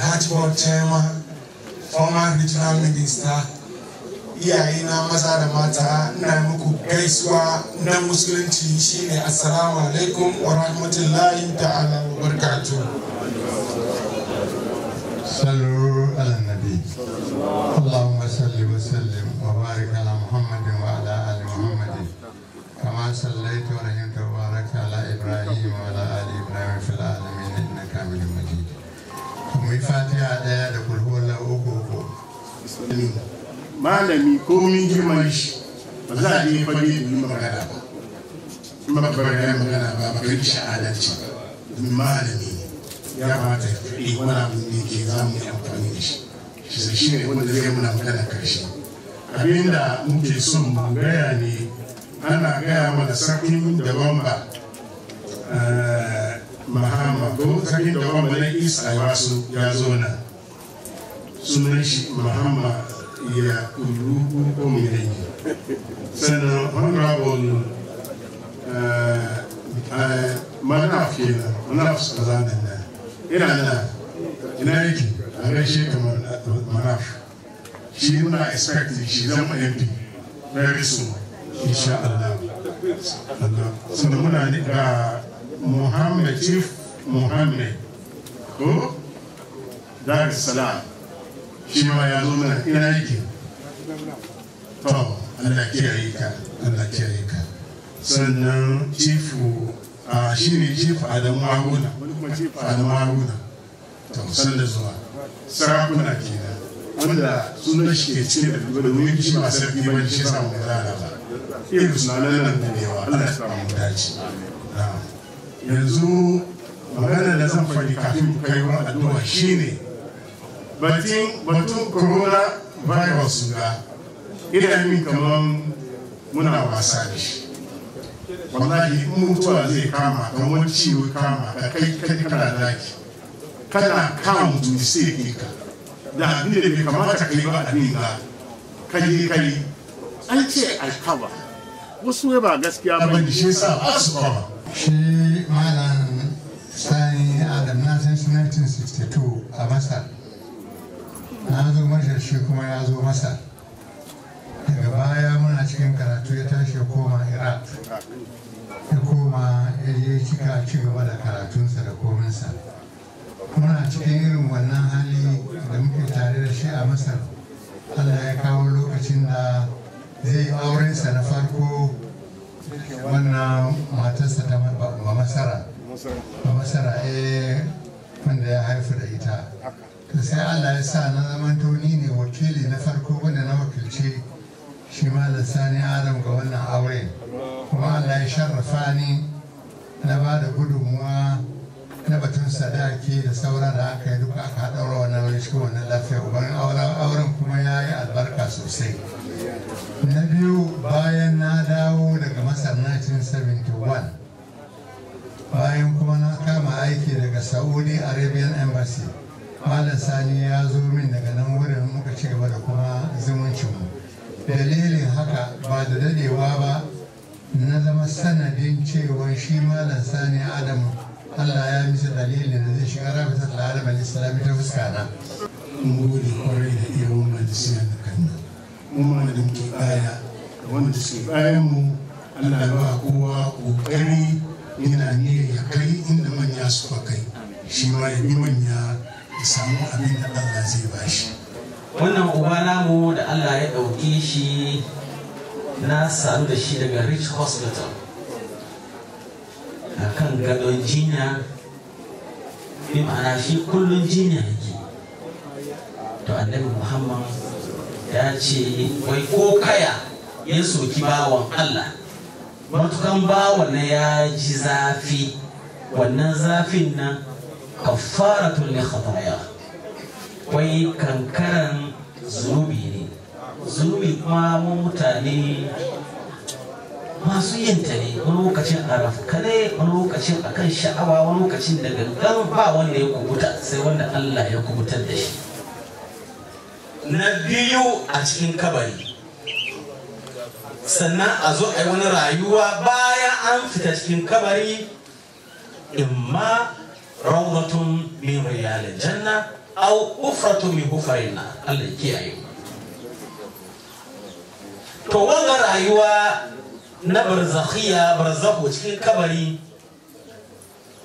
Archibald Chairman, former regional minister iyayena maza da mata na muku gaisuwa na musulunci shine assalamu alaikum wa rahmatullahi ta'ala wa barakatuh sallu ala nabi allahumma salli wa sallim wa barik ala muhammadin wa ala ali muhammadin kama sallaita wa rahimta wa baraka ala ibrahim wa ala ali ibrahim fil alamin innaka hamidum majid da kulhu malami ko min girman shi ba za a je fage da yi magana ba in ba ka ya magana ba ba kai shi adalci domin malami ne ya kamata ya faɗi wani abu ne ke za mu yi amfani da shi shi shi ne wanda zai muna magana karshe abin da muke son mu gaya ne ana gaya mana sakin da bamba eh, mahama ko sakin da bamba na isa wasu ya zo nan sunan shi mahama ila Urugu Community. Senator Honorable uh, eh, uh, eh, Manaf kenan, Manaf Sazanin nan. Ina nan, ina yake, a gaishe kamar Manaf. Shi muna expect shi zama MP very soon, insha Allah. Sannan muna ga ah, muhammed Chief muhammed ko Dar es shima ya zo mana ina yake to Allah kiyaye ka Allah kiyaye ka sannan chifu a shi ne chifu Adamu Haruna Adamu Haruna to da zuwa sarakuna kenan wanda da shi ke cikin da domin shi ba sarki ba shi samu gudana ba irin sunanan nan da yawa Allah ya samu dace yanzu magana da zan faɗi kafin kai wa addu'a shine batun corona virus da ina min kaman muna wasa da shi wallahi in mutuwa zai kama ka wani ciwo kama ka kai kai kana daki kana kama mutum sai ke ka da abin da bai kamata ka yi ba abin da ka yi kai an ce a kaba wasu ba gaskiya ba ne shi sa ba su ba shi malam sani adam da 1962 a masar na zo masa shi kuma ya zo masa daga baya muna cikin karatu ya tashi koma iraq ya koma ya cika ci gaba da karatunsa da kominsa muna cikin irin wannan hali da muke tare da shi a masar allah ya kawo lokacin da zai yi aurensa na farko wannan matarsa ta ba masara ba masara eh wanda ya haifu da ita sai allah ya sa na zaman tauni ne wakili na farko wanda na wakilce shi ma sani adam ga wannan aure kuma allah ya sharrafa ni na ba da gudunmuwa na batun sadaki da saura da aka yi duk aka haɗaura wannan wani cikin wannan lafiya ubarin auren kuma ya yi albarka sosai na biyu bayan na dawo daga masar 1971 bayan kuma na kama aiki daga saudi arabian embassy malam sani ya zo min daga nan wurin muka ci gaba da kuma zumuncinmu dalilin haka ba da dadewa ba na zama sanadin cewa shi malam sani adamu allah ya misa dalilin da zai shiga ta da alamar islami ta fuska na gode kwarai da iya wannan da siya da kanna kuma da muke baya da wanda da suke bayan mu allah ya ba kowa kokari yana niyyar ya kai inda manya suka kai shi ma ya bi manya ya samu abin da Allah zai ba shi wannan uba namu da Allah ya ɗauke shi na sadu da shi daga rich hospital a kan gadon jinya bi ma'ana shi kullum jinya yake to annabi muhammad ya ce wai ko kaya ya soki bawan Allah matukan bawan na ya ji zafi wannan zafin nan kafaratul li khataya wai kankaran zunubi ne zunubi kuma mu mutane masu yin ta ne wani lokacin a rafkane wani lokacin a kan sha'awa wani lokacin da gangan ba wanda ya kubuta sai wanda Allah ya kubutar da shi na biyu a cikin kabari sannan a zo a yi wani rayuwa bayan an fita cikin kabari imma rawmatun min riyal janna aw ufratun min hufarin na Allah kiyaye mu to wanga rayuwa na barzakhiya barzahu cikin kabari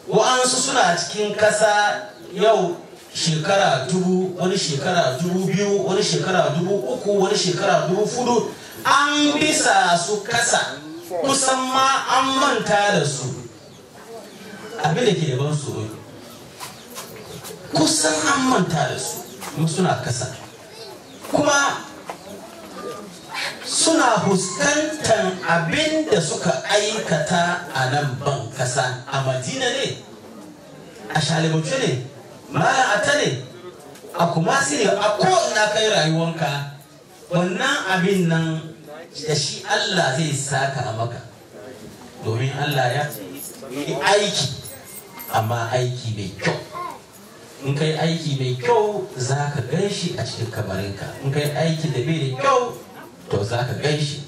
wa'ansu suna cikin kasa yau shekara dubu wani shekara dubu biyu wani shekara dubu uku wani shekara dubu fudu an bisa su kasa kusan ma an manta da su abin da ke da ban tsoro kusan an manta da su kuma suna kasa kuma suna fuskantar abin da suka aikata a nan ban kasa a madina ne a shalibuci ne mala'ata ne a kumasi ne a ko'ina kai rayuwanka wannan abin nan da shi Allah zai saka maka domin Allah ya yi aiki amma aiki mai kyau in kai aiki mai kyau za ka gan shi a cikin kamarinka in kai aiki da bai da kyau to za ka gan shi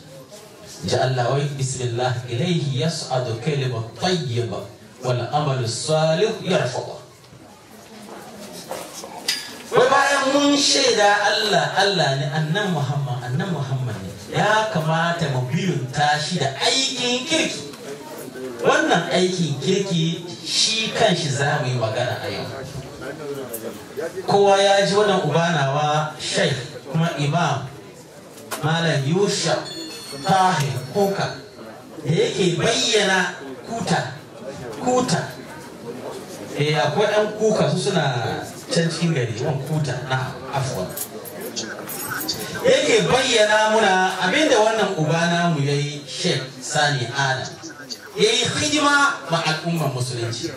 ji Allah wai bismillah ilaihi yas'adu kalima tayyiba wal amal salih yarfa wai bayan mun shaida Allah Allah ne annan Muhammad annan Muhammad ne ya kamata mu biyun tashi da aikin kirki wannan aikin kirki shi kanshi za mu yi magana a yau kowa ya ji wannan ubanawa shai kuma imam malam yusha tahir kuka da yake bayyana kuta kuta eh akwai ɗan kuka su suna can cikin gari wani kuta na afuwa yake bayyana muna abinda wannan ubana mu yayi shai sani adam ya yi hidima ma al'ummar musulunci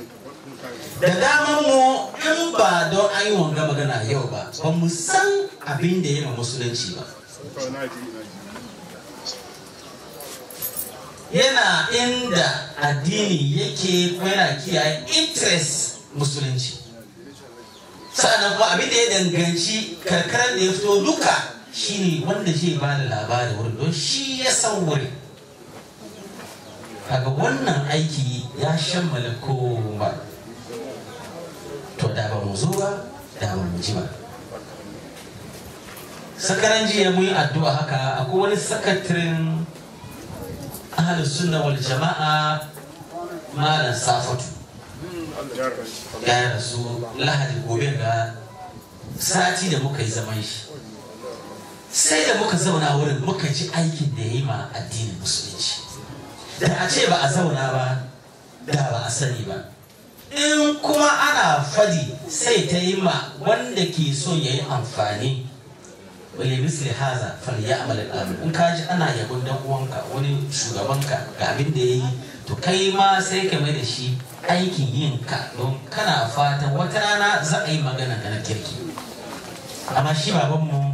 da daman mu in ba don an yi wanga magana yau ba ba mu san abin da ya ma musulunci ba yana inda addini yake kuma yana kiyaye interest musulunci sa'annan kuma abin da ya danganci karkarar da ya fito duka shine wanda zai ba da labarin wurin don shi ya san wuri. kaga wannan aiki ya shammala kowa zuwa ba da ba ba sakaran jiya mun yi addu'a haka akwai wani sakatirin ahal sunna wal jama'a malam safatu ya rasu lahadi gobe ga sati da muka yi zaman shi sai da muka zauna wurin muka ji aikin da ya yi ma addinin musulunci da a ce ba a zauna ba da ba a sani ba in kuma ana fadi sai ta yi ma wanda ke so ya yi amfani wani misli haza fal ya amal in ka ji ana yabon dan uwanka wani shugabanka ga abin da ya yi to kai ma sai ka mai da shi aikin yin ka don kana fata wata rana za a yi magana ga na kirki amma shi babanmu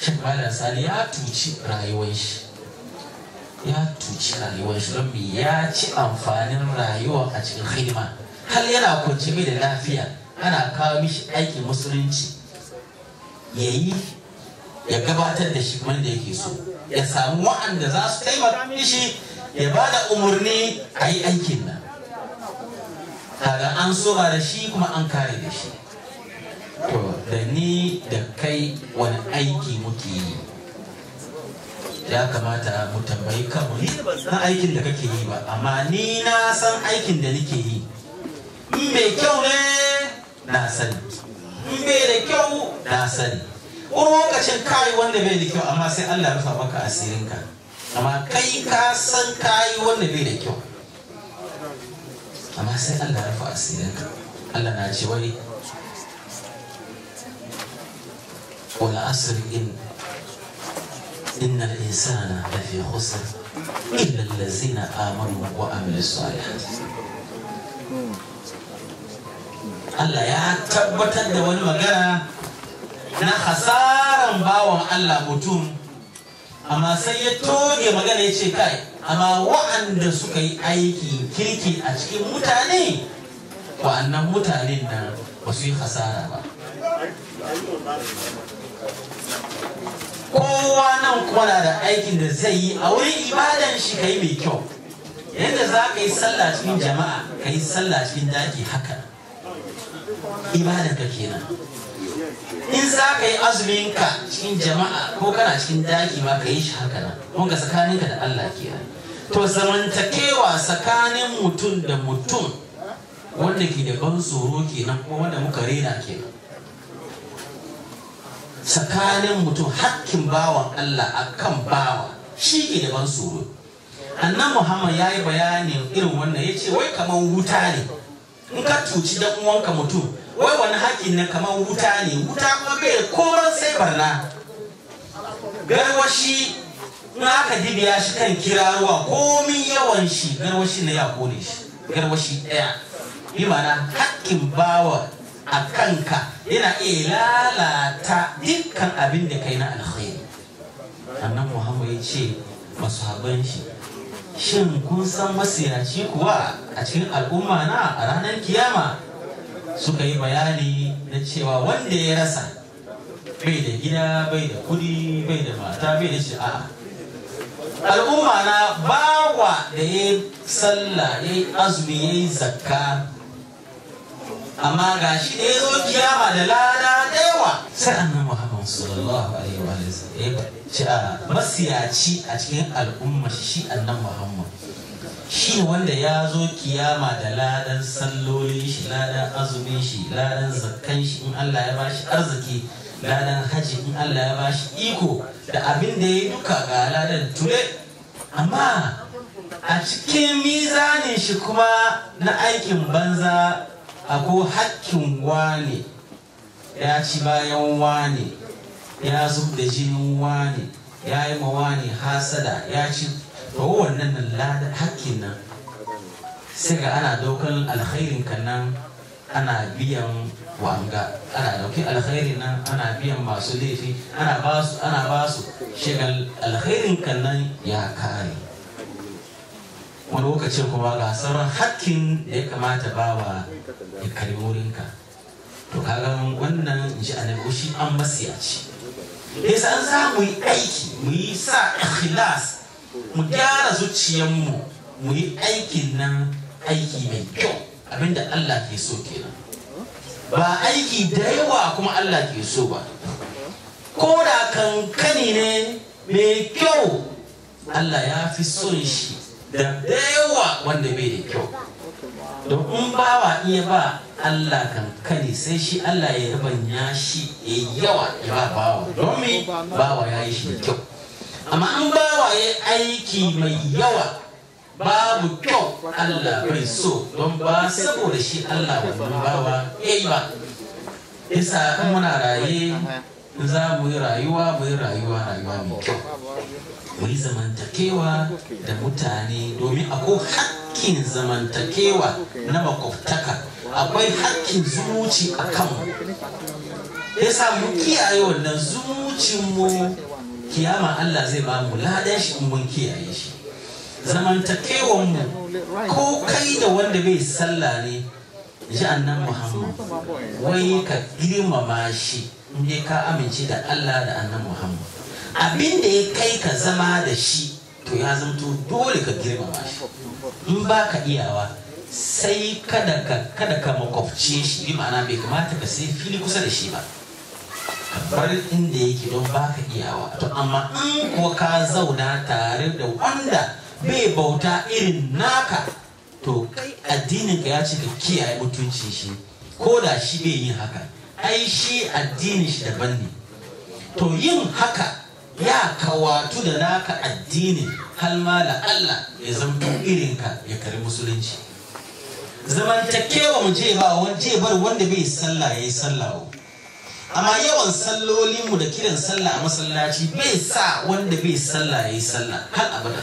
shek malam sani ya tuci rayuwar shi ya tuci rayuwar shi don ya ci amfanin rayuwa a cikin hidima har yana kunci mai da lafiya ana kawo mishi aikin musulunci ya yi ya gabatar da shi wanda yake so ya samu wa'anda za su taimaka mishi ya ba da umarni a yi aikin nan kaga an soba da shi kuma an kare da shi to da ni da kai wani aiki muke yi ya kamata mu tambayi kanmu ni aikin da kake yi ba amma ni na san aikin da nake yi mai kyau ne na sani in bai da kyau na sani wani lokacin kayi wanda bai da kyau amma sai Allah rufa maka asirinka amma kai ka san kayi wanda bai da kyau amma sai Allah rufa asirinka Allah na ce wai wani asirin in إن الإنسان لفي خسر إلا الذين آمنوا وعملوا الصالحات Allah ya tabbatar da wani magana na hasaran bawan Allah mutum amma sai ya toge magana ya ce kai amma wa'anda suka yi aiki kirki a cikin mutane wa'annan mutanen nan ba yi hasara ba kowa nan kuma na da aikin da zai yi a wurin ibadan shi ka yi mai kyau yadda za ka yi sallah cikin jama'a ka yi sallah cikin daji haka ka kenan in za ka yi azumin ka cikin jama'a ko kana cikin daki ma ka yi shi haka nan kun ga tsakaninka da Allah kenan to zamantakewa tsakanin mutum da mutum wanda ke da ban tsoro kenan ko wanda muka rena kenan tsakanin mutum hakkin bawan Allah akan bawa shi ke da ban tsoro annan Muhammad ya yi bayanin irin wannan ya ce wai kamar wuta ne in ka cuci dan uwanka mutum wai wani haƙƙin ne kamar wuta ne wuta kuma bai koran sai barna garwashi in aka dibiya shi kan ruwa komin yawan shi garwashi na ya kone shi garwashi ɗaya bi mana haƙƙin bawa a kanka yana iya lalata dukkan abin da kai na alkhairi annan muhammad ya ce masu haban shi shin kun san masiyaci kuwa a cikin al'umma na a ranar kiyama suka yi bayani na cewa wanda ya rasa bai da gida bai da kudi bai da mata bai da sha'a al'umma na bawa da ya sallah ya yi azumi ya yi zakka amma ga shi da ya zo kiyama da lada da yawa sai nan muhammad sallallahu alaihi wa masiyaci a cikin al'umma shi annan muhammad shi wanda ya zo kiyama da ladan sallolin shi ladan azumin shi ladan zakkan shi in allah ya bashi arziki ladan haji in allah ya bashi iko da abin da ya yi duka ga ladan tule amma a cikin mizanin shi kuma na aikin banza ako hakkin wane ya ci bayan wane ya zub da jinin wani ya yi ma hasada ya ci to wannan nan ladar hakkin nan sai ga ana daukan alkhairin ka nan ana biyan wanga ana dauki alkhairin nan ana biyan masu laifi ana ba su ana ba su shigal alkhairin ya kare wani lokacin kuma ga sauran hakkin da ya kamata bawa ya karbi wurinka to kaga wannan in ji annabi shi an masiyaci yasa an za mu yi aiki mu yi sa ikhlas mu gyara zuciyarmu mu yi aikin nan aiki mai kyau abinda Allah ke so kenan ba aiki da yawa kuma Allah ke so ba ko da kankani ne mai kyau Allah ya fi son shi da da wanda bai da kyau don bawa iya ba Allah kan kani sai shi Allah ya ya shi ya yawa ya ba bawa domin bawa ya yi shi kyau amma an bawa ya aiki mai yawa babu kyau Allah bai so don ba saboda shi Allah wannan bawa ya yi ba isa muna raye za mu yi rayuwa mu yi rayuwa rayuwa mai kyau mu yi zamantakewa da mutane domin akwai hakkin zamantakewa na makwabtaka akwai hakkin zumunci a kanmu ya sa mu kiyaye wannan zumuncinmu kiyama Allah zai ba mu ladan shi in mun kiyaye shi zamantakewanmu ko kai da wanda bai sallah ne ji annan muhammad wai ka girmama shi in ka amince da Allah da annan Muhammad abin da ya kai ka zama da shi to ya zanto dole ka girmama shi in ba ka iyawa sai kada ka kada ka makwabci shi bi ma'ana bai kamata ka sai fili kusa da shi ba bar inda yake don baka iyawa to amma in kuwa ka zauna tare da wanda bai bauta irin naka to addinin ka ya ce ka kiyaye mutuncin shi ko da shi bai yin haka Aishi shi shi daban ne to yin haka ya kawatu da naka addinin halma da Allah ya irin irinka ya kari musulunci zamantakewa mu je ba wani bar wanda bai sallah ya yi sallah amma yawan sallolinmu da kiran sallah a masallaci bai sa wanda bai sallah ya yi sallah har abada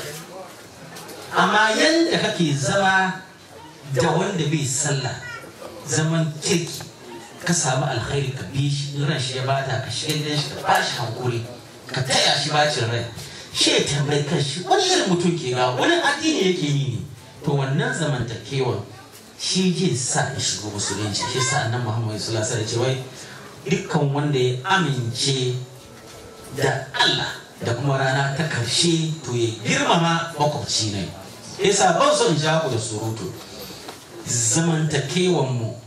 amma yadda kake zama da wanda bai sallah zaman kirki ka samu alkhairi ka bi shi ran shi ya bata ka shiga gidan shi ka bashi shi hankuri ka taya shi bacin rai shi ya tambayi kanshi wani irin mutum ke ga wani addini yake yi ne to wannan zamantakewa shi zai sa ya shigo musulunci shi sa annan muhammadu sallallahu alaihi wasallam wai dukkan wanda ya amince da Allah da kuma rana ta karshe to ya girmama makwabci ne yasa ban son jago da surutu zamantakewan mu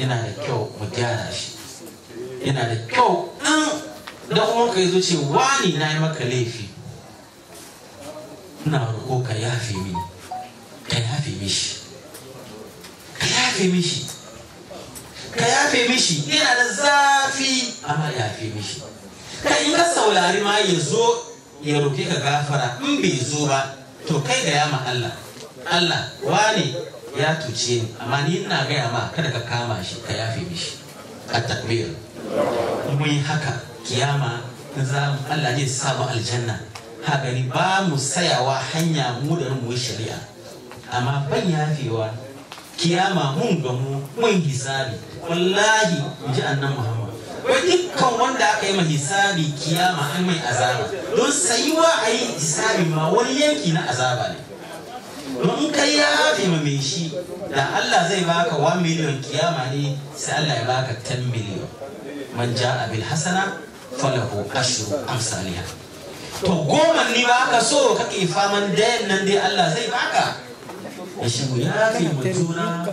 yana da kyau mu gyara shi yana da kyau in da kuma ka zo ce wani na yi maka laifi ina roƙo ka yafe mini ka yafe mishi ka yafe mishi ka yafe mishi yana da zafi amma yafe mishi ka in ka saurari ma ya zo ya roke ka gafara in bai zo ba to kai ga ya ma Allah Allah wani ya tuce ni amma ni ina gaya ma kada ka kama shi ka yafe mishi a takbir mu yi haka kiyama za Allah zai sa mu aljanna ha gani ba mu sayawa hanya mu da mu shari'a amma ban yafewa kiyama mun ga mu mun hisabi wallahi ji annan muhammad wai dukkan wanda aka yi ma hisabi kiyama an mai azaba don sayuwa a yi hisabi ma wani yanki na azaba ne mun kai ya ma mai shi da Allah zai baka 1 miliyon kiyama ne sai Allah ya baka 10 miliyon man ja bil hasana falahu ashru amsaliha to goma ni baka so kake faman dayan nan dai Allah zai baka shi mu yafe mu juna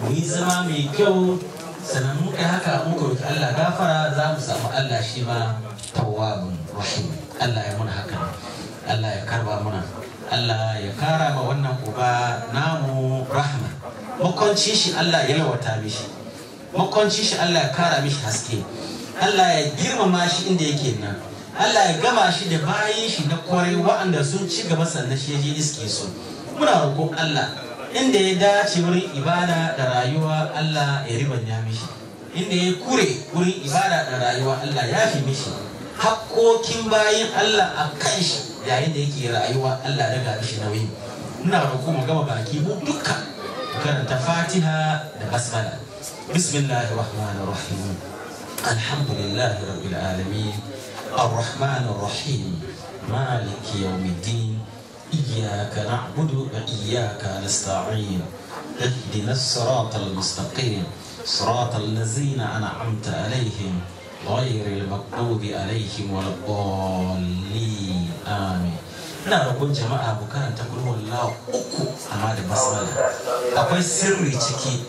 mu yi zama mai kyau sannan muka haka muka roki Allah gafara za mu samu Allah shi ma tawwabun rahim Allah ya muna haka Allah ya karba muna Allah ya kara ma wannan uba namu rahma makwanci shi Allah ya lawata mishi makwanci shi Allah ya kara mishi haske Allah ya girmama shi inda yake nan Allah ya gama shi da bayan shi na kwarai wa'anda sun ci gaba sannan shi yaje iske su muna roƙon Allah inda ya dace wurin ibada da rayuwa Allah ya ribanya mishi inda ya kure wurin ibada da rayuwa Allah ya fi mishi hakkokin bayan Allah a kan shi yayin da yake rayuwa Allah daga shi nauyi muna roko mu gama baki mu dukkan karanta Fatiha da basmala bismillahir rahmanir rahim alhamdulillahi rabbil alamin الرحمن الرحيم مالك يوم الدين إياك نعبد وإياك نستعين اهدنا الصراط المستقيم صراط الذين أنعمت عليهم غير المغضوب عليهم ولا الضالين آمين ina roƙon jama'a mu karanta kulwallahu uku amma da basmala akwai sirri ciki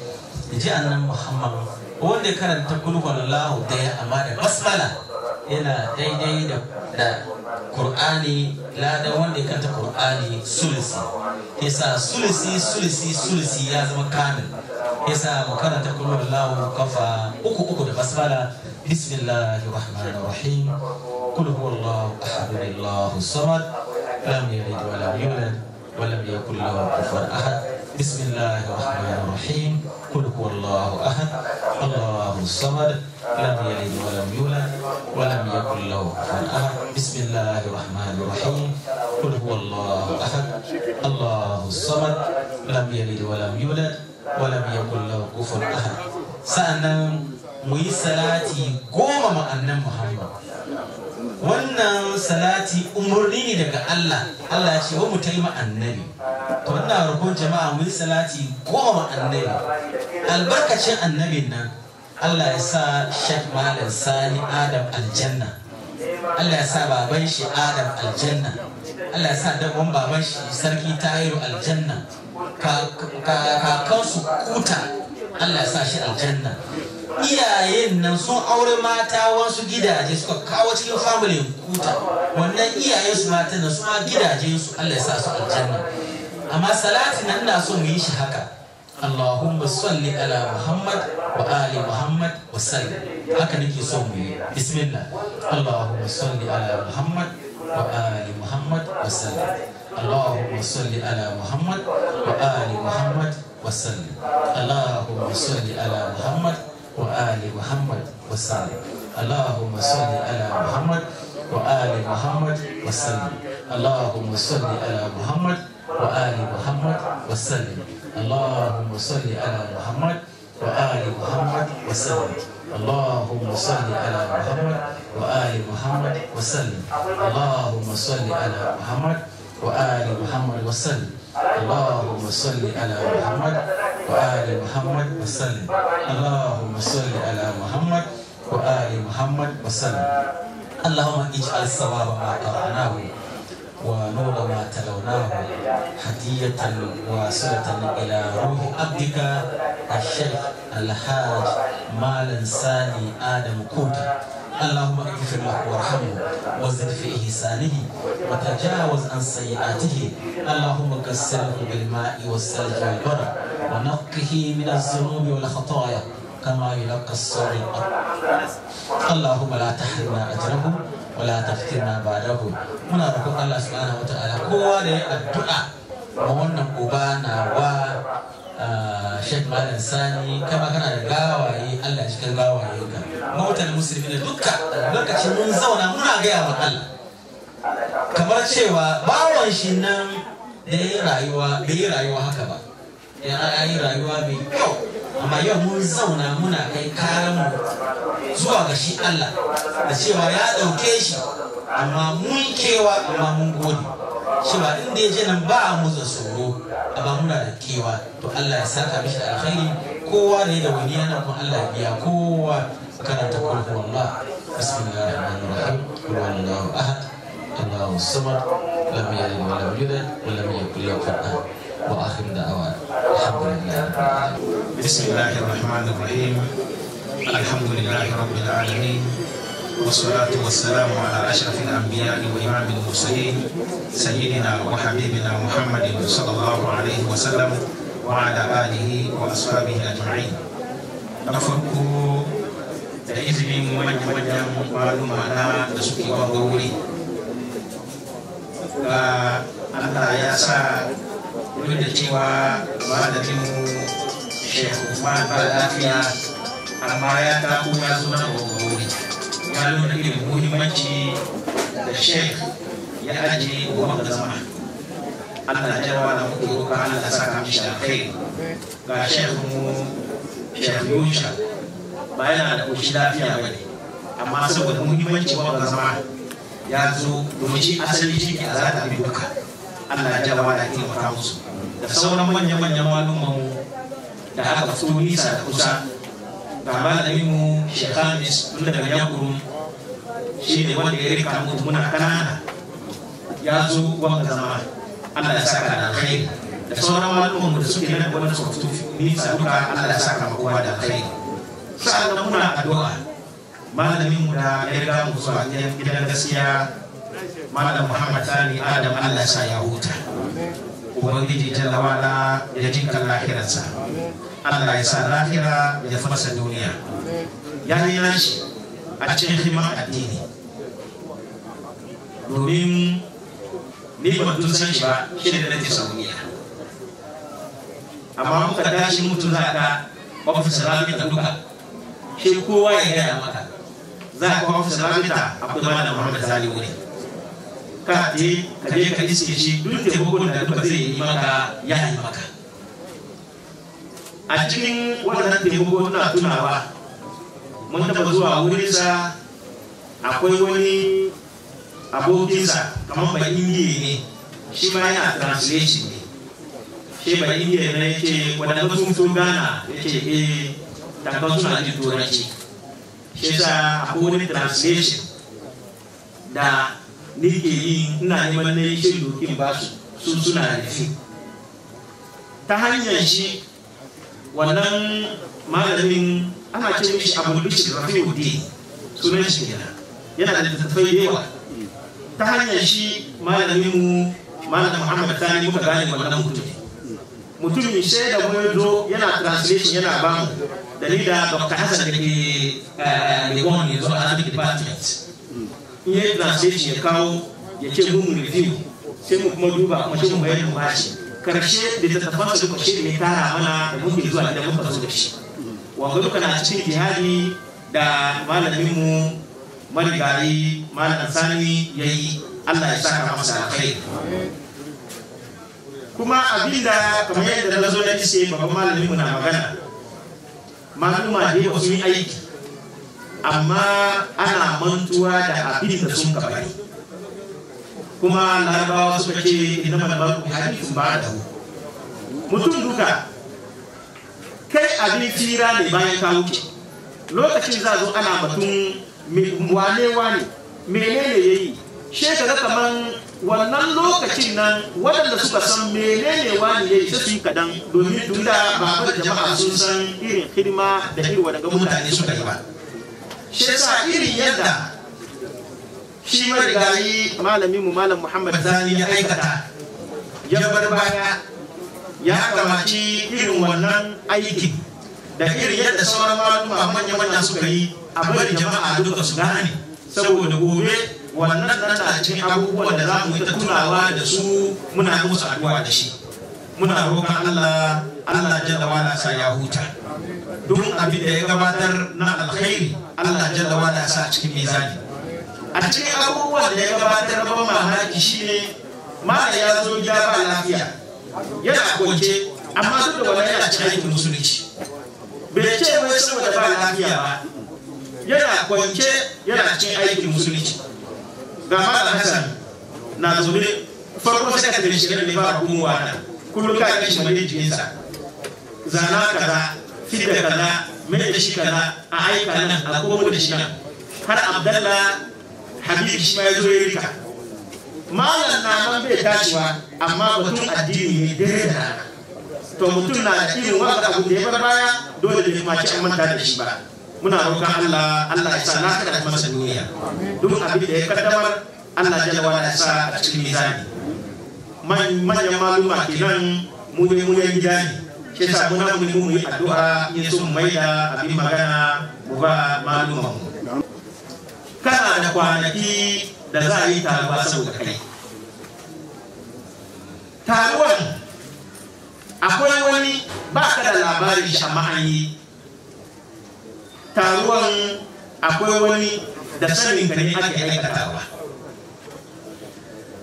ji annan muhammad wanda ya karanta kulwallahu daya amma da basmala yana daidai da da Kur'ani ladan wanda ya karanta Kur'ani sulisi yasa sulisi sulisi sulisi ya zama kamin yasa mu karanta kulwallahu kafa uku uku da basmala بسم الله الرحمن الرحيم قل هو الله أحد الله الصمد لم يلد ولم يولد ولم يكن له كفوا أحد بسم الله الرحمن الرحيم قل هو الله أحد الله الصمد لم يلد ولم يولد ولم يكن له كفوا أحد بسم الله الرحمن الرحيم قل هو الله أحد الله الصمد لم يلد ولم يولد ولم يكن له كفوا أحد سألنا Muyi salati goma ma annan muhammad wannan salati umarni ne daga Allah Allah ya ce wa mu taima annabi to wannan rukun jama'a muyi salati goma annabi albarkacin annabin nan Allah ya sa Sheikh Malam Sani Adam aljanna Allah ya sa baban shi Adam aljanna Allah ya sa dabban baban shi sarki Tayiru aljanna kakansu kuta Allah ya sa shi aljanna iyayen nan sun aure mata wasu gidaje suka kawo cikin familin kuta wannan iyayen su mata nan su gidaje su Allah ya sa su aljanna amma salati nan na so mu yi shi haka Allahumma salli ala Muhammad wa ali Muhammad wa salli haka nake so mu yi bismillah Allahumma salli ala Muhammad wa ali Muhammad wa salli اللهم صل على محمد وآل محمد وسلم اللهم صل على محمد وآل محمد وسلم اللهم صل على محمد وآل محمد وسلم اللهم صل على محمد وآل محمد وسلم اللهم صل على محمد وآل محمد وسلم اللهم صل على محمد وآل محمد وسلم اللهم صل على محمد وآل محمد وسلم اللهم صل على محمد وآل محمد وسلم اللهم صل على محمد وآل محمد وسلم اللهم اجعل الصواب ما قرأناه ونور ما تلوناه هدية واصلة إلى روح عبدك الشيخ الحاج مالا ساني آدم كوتا اللهم اغفر له وارحمه وزد في إحسانه وتجاوز عن سيئاته اللهم كسره بالماء والثلج والبرد ونقه من الذنوب والخطايا كما يلقى الصور اللهم لا تحرمنا أجره ولا تفتنا بعده ونرجو الله سبحانه وتعالى wataala الدعاء da قبانا و Ah, Sheikh Malam Sani kama kana da gawaye Allah cikin gawayenka mautal musulmi da dukka lokaci mun zauna muna gaya wa Allah kamar cewa bawan shi nan da ya rayuwa bai yi rayuwa haka ba ya yi rayuwa mai kyau amma yau mun zauna muna kai karan zuwa ga shi Allah da cewa ya ɗauke shi amma mun kewa amma mun gode cewa in da ya nan ba a motsa tsoro a ba muna da kewa to Allah ya saka mishi alkhairi kowa ne da wani yana kuma Allah ya biya kowa karanta kullu wallah bismillahirrahmanirrahim rahmanir rahim qul huwallahu ahad Allahu samad lam yalid wa yulad wa yakul lahu kufuwan wa akhir da'wana alhamdulillahi rabbil alamin bismillahir rahmanir rahim alhamdulillahi rabbil alamin والصلاة والسلام على أشرف الأنبياء وإمام المرسلين سيدنا وحبيبنا محمد صلى الله عليه وسلم وعلى آله وأصحابه أجمعين نفرقوا da izinin manya-manyan maluma na da suke wanga wuri Allah ya sa duk da cewa malamin shekhu ma lafiya amma ya tako ya zo na gano na irin muhimmanci da sheikh ya aje wa da zama Allah jawa na kuke roƙa Allah ka mishi alkhairi ga sheikh mu sheikh Yusha ba yana da ƙoshi lafiya ba ne amma saboda muhimmanci wa da zama ya zo domin shi asali shi a zata bi duka Allah jawa da taimaka musu da sauran manya-manyan malumanmu da aka fito nisa da kusa ga malamin mu shekhamis tun daga yakurum shi ne wanda ya rika mu muna kanana ya zo wanga zama Allah ya saka da alkhairi da sauran malumman mu da suke nan wanda suka fito nisa duka Allah ya saka mu kowa da alkhairi sa'annan muna addu'a malamin mu da ya riga mu zuwa gidan gaskiya malam Muhammad Sani Adam Allah ya sa ya huta ubangiji jalla wala ya jinka lahirarsa Allah ya sa lahira ya fi duniya ya yi nashi a cikin himar addini domin ni ba tun san shi ba shi ne nake sauniya amma muka tashi mutu za ka ofis rabita duka shi kowa ya gaya maka za ka ofis rabita akwai malam muhammad sali wuri ka je ka je ka iske shi duk taimakon da duka zai yi maka ya yi maka a cikin wannan taimako na tunawa mun taba zuwa wurinsa akwai wani abokinsa kamar ba indiya ne shi ma yana translation ne shi ba indiya ne ya ce wadanda sun sun gana ya ce e eh, daga suna jin turanci shi sa akwai wani translation da nike yi ina neman na yi shi dokin basu su suna nufi ta hanyar shi wannan malamin ana ce mishi abu rafi rafi'uddin sunan shi yana da littattafai yawa ta hanyar shi malamin mu malamin Muhammad Sani muka gane wannan mutum mutumin shaida mu ya zo yana translation yana ba mu da ni da Dr. Hassan da ke eh, Legon yanzu a Arabic Department in yi translation ya kawo ya ce mun review sai mu kuma duba kuma shi mu bayar da mashi karshe da ta tafasa duka shi ne tara mana da muke zuwa da muka zo da shi wa duka na cikin jihadi da malamin mu marigayi malam sani ya yi allah ya saka masa alkhairi kuma abinda kamar yadda na zo na ce babban malamin mu na magana maluma da yawa sun aiki amma ana mantuwa da abinda sun ka bari kuma larabawa suka ce ina malabar ku hadithun ba da mutum duka kai abin tira ne bayan ka wuce lokacin za zo ana batun wane wane menene yi. she kaga kaman wannan lokacin nan waɗanda suka san menene wani ya yi su yi kadan domin duk ba ba jama'a sun san irin hidima da hirwa daga mutane suka yi ba shi sa irin yadda shi marigayi malamin mu malam Muhammad Zani ya aikata ya bar baya ya kamaci irin wannan aikin da irin yadda sauran maluma manya-manya suka yi a bari jama'a duka su gane saboda gobe wannan na cikin abubuwa da za mu yi ta tunawa da su muna yi musu addu'a da shi muna roƙon Allah Allah jalla wala sa ya huta duk abin da ya gabatar na alkhairi Allah jalla wala sa cikin mizani a cikin abubuwa da ya gabatar ban mamaki shine mara ya zo gida ba lafiya yana kwance amma duk da wani yana cikin aikin musulunci bai ce wai saboda ba lafiya ba yana kwance yana cikin aikin musulunci ga malam Hassan na zaune farko sai ka tafi shirin ne ba kuma kullum ka kai mai jikinsa zana kaza fidda kaza mai da shi kaza a aika nan a da shi nan har abdalla habibu shi ma ya zo ya rika malam na man bai dacewa amma batun addini ne dare da to mutum na da irin wanda abu da ya bar baya dole ne kuma ci an manta da shi ba muna roƙon Allah Allah ya sa na kada masa duniya duk abin da ya kaddamar Allah jalla wa ya sa a cikin mizani manyan maluma kenan mu ne mu yan jani ke sa mun nan mu yi addu'a in mai maida abin magana mu ba maluma mu kana da kwanaki da za a yi taruwa saboda kai taruwan akwai wani ba ka da labarin shi amma an yi taruwan akwai wani da sanin ka ne ake aikatawa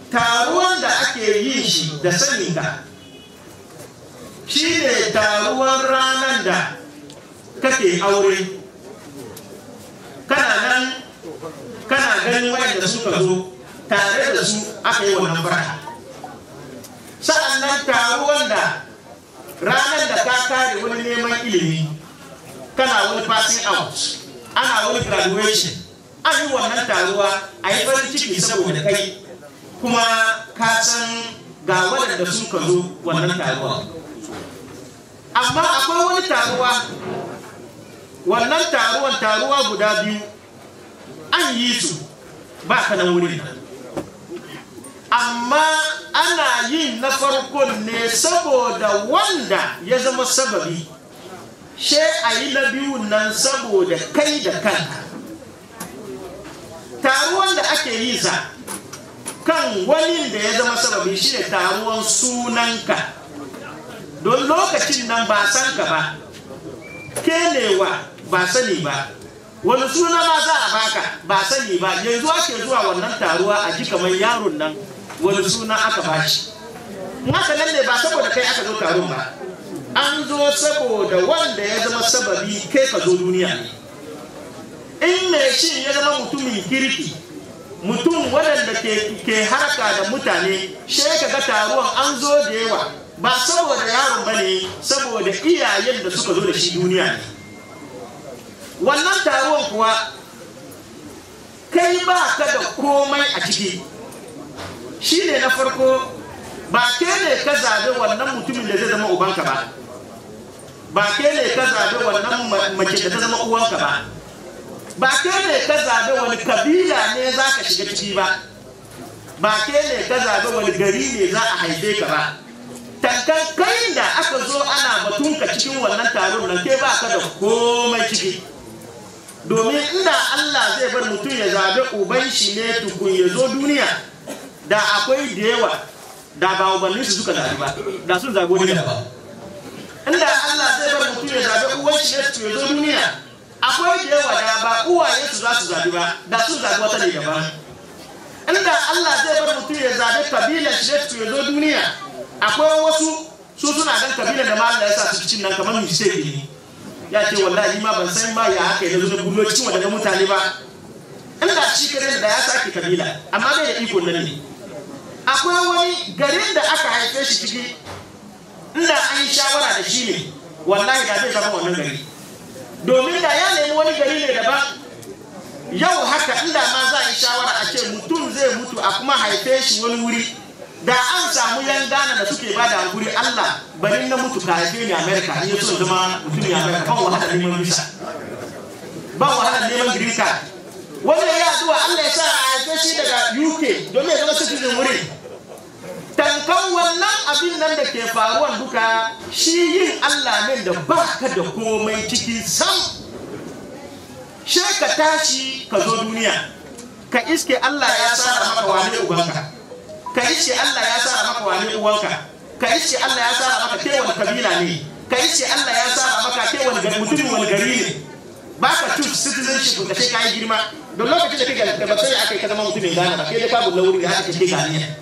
taruwan da ake yi shi da sanin ka shi ne taruwan ranar da kake aure kana nan kana ganin da suka zo tare da su aka yi wannan fara sa'an nan taruwan da ranar da ka kare wani neman ilimi kana wani passing out ana wani graduation an yi wannan taruwa a yi farin ciki saboda kai kuma ka san ga waɗanda sun ka zo wannan taruwa amma akwai wani taruwa wannan taruwan taruwa guda biyu an yi su ba ka na wuri amma ana yi na farkon ne saboda wanda ya zama sababi she a yi na biyu nan saboda kai da kanka taruwan da ake yi sa kan wani da ya zama sababi shi ne taruwan sunanka don lokacin nan ba san ka ba wa ba sani ba wani suna ma za a baka ba sani ba yanzu ake zuwa wannan taruwa a ji kamar yaron nan wani suna aka bashi shi nan ne ba saboda kai aka zo taron ba an zo saboda wanda ya zama sababi kai ka zo duniya in mai cin ya zama mutumin kirki mutum waɗanda ke haraka da mutane shi ka ga taruwan an zo da yawa ba saboda yaron ba ne saboda iyayen da suka zo da shi duniya ne wannan taruwan kuwa kai ba ka da komai a ciki shi ne na farko ba ke ne ka zaɓi wannan mutumin da zai zama ubanka ba ba ke ne ka zabe wannan mace da ta zama uwanka ba ba ke ne ka zabe wani kabila ne za ka shiga ciki ba ba ke ne ka zabe wani gari ne za a haife ka ba tankan kai da aka zo ana batunka cikin wannan taron nan ke ba ka da komai ciki domin inda Allah zai bar mutum ya zabe uban shi ne tukun ya zo duniya da akwai da yawa da ba ubannin su suka zabi ba da sun wani ba inda Allah zai bar mutum ya zaɓi uwar shi ne su zo duniya akwai da yawa da ba uwaye su za su zabi ba da su zabi wata ne gaba inda Allah zai bar mutum ya zaɓi kabilar shi ne su zo duniya akwai wasu su suna gan kabilar da malam ya sa su cikin nan kamar mistake ne ya ce wallahi ma ban san ma ya haka ya zo gulo cikin wadannan mutane ba inda shi kare da ya sake kabila amma bai da iko nan ne akwai wani garin da aka haife shi ciki ina an shawara da shi ne wallahi da zai zama wannan gari domin da ya nemi wani gari ne daban yau haka inda ma za a yi shawara a ce mutum zai mutu a kuma haife shi wani wuri da an samu yan gana da suke ba da wuri Allah bari na mutu ka haife ni amerika ni yaso zama mutum ya America ban wahala neman bisa ban wahala neman green card wani ya zuwa Allah ya sa a haife shi daga UK domin ya zama citizen wurin tankan wannan abin nan da ke faruwan duka shi yin Allah ne da baka da komai cikin sam shi ka tashi ka zo duniya ka iske Allah ya tsara maka wani ubanka ka iske Allah ya tsara maka wani uwanka ka iske Allah ya tsara maka kewan kabila ne ka iske Allah ya tsara maka kewan mutumin wani gari ne ba ka cus citizenship ka shi ka yi girma don lokacin da kake da sai aka yi ka zama mutumin gana ba ke da ka lauri wuri da aka ce Ghanaian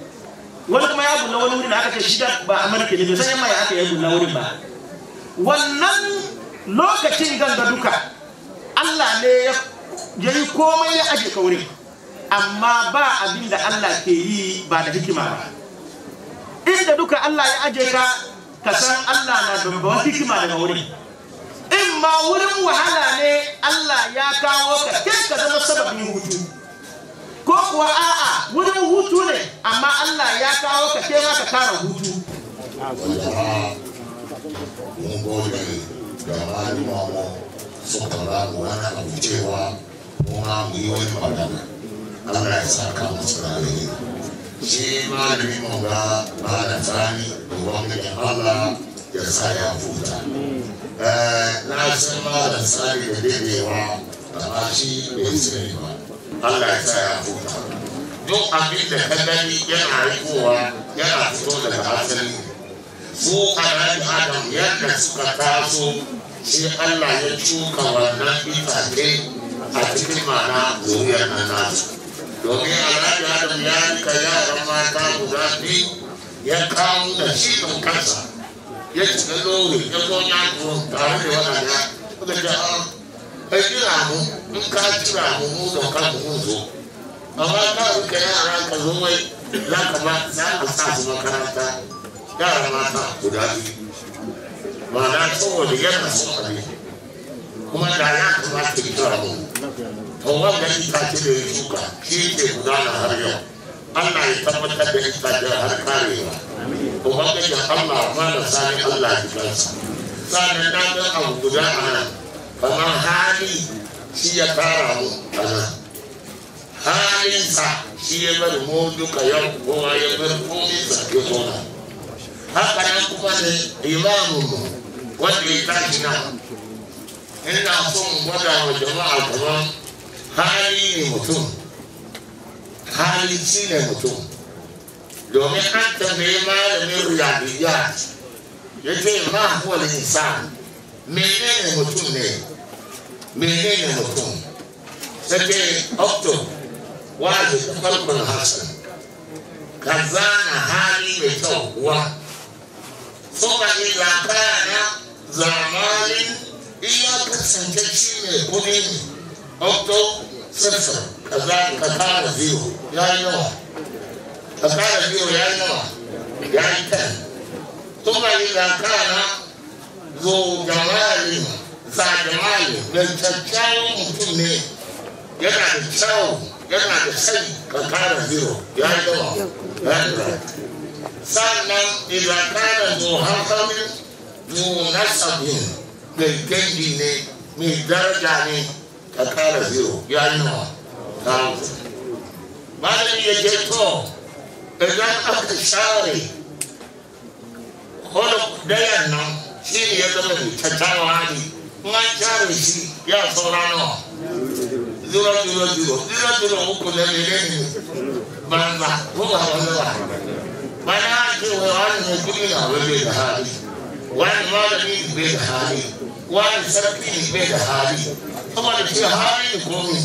wani kuma ya bulla wani wurin da aka ce shida ba a marke ne sai mai aka yi bulla wurin ba wannan lokacin da duka Allah ne ya yi komai ya aje ka wurin amma ba abin da Allah ke yi ba da hikima ba inda duka Allah ya aje ka ka san Allah na babban hikima daga wurin in ma wurin wahala ne Allah ya kawo ka kai ka zama sababin hutu ko kuwa a'a wurin hutu ne amma Allah ya kawo ka ke ka tara hutu mun gode ga malama mu suka ba mu wani abu cewa mu ma mu yi wani magana Allah ya saka musu rayuwa shi malami mu ga ba da tsani ubangijin Allah ya sa ya futa na san ba da tsari da daidaiwa amma shi bai sani ba Allah ya ya huta duk abin da ka yana rikowa yana fito daga asali su alhaji adam yadda suka taso shi Allah ya cuka wannan itace a cikin mana zuriyar na nasu domin alhaji adam ya rika yaran mata guda biyu ya kawo da shi don kansa ya cika lori ya zo ya tare da waɗanda suka ah, ejira mu nka jira mu mu dɔ ka mu mu zo amma ka o kɛ yara ka zo mai za ka ba za ka sa su makaranta yara mata guda biyu ma'ana saboda yana son abin kuma da ya kamata ya jira mu to wannan itace da ya shuka shi ke gudana har yau Allah ya tabbatar da itacen har karewa ubangiji Allah ma da sani Allah ya kansa sanin na ga abu guda a nan hali shi ya kara mu ana halinsa shi ya bar mundu kaya yau kuma ya bar kuminsa ya kona haka na kuma imamu mu wanda ya tashi nan ina son wa jama'a kamar hali ni mutum hali shi ne mutum domin an tambaye malamin riyadiyya ya ce ma huwa insan menene mutum ne millénaire retourne. C'était octobre, wazo kutoka na Hassan. Kazana hali imetoka. Soka ilakana zamani iya kasance shi ne kuɗi ne. Octobre, sassa, kazana kakara ziyo. ya ino. nawa. ziyo ya ino. nawa, ya yi ten. Soka ilakana zo jamani sáng za jamani zancen mutum ne yana da kyau yana da sai ka kara zero ya gama sannan idan kana muhammadin munasabin da dangi ne mai daraja ne ka kara zero ya yi nawa malam ya je to idan aka share huluk dayan nan shi ne ya zama kyakkyawa ne Lanchari si ya sɔrɔ nɔ zero zero zero zero zero o kun bɛ lele nin banba o ka wale wa bana ti o wa ni kiri na o bɛ da hali wa ni ma da ni bɛ da hali wa ni sarati ni bɛ da hali o ma ti hali ni ko min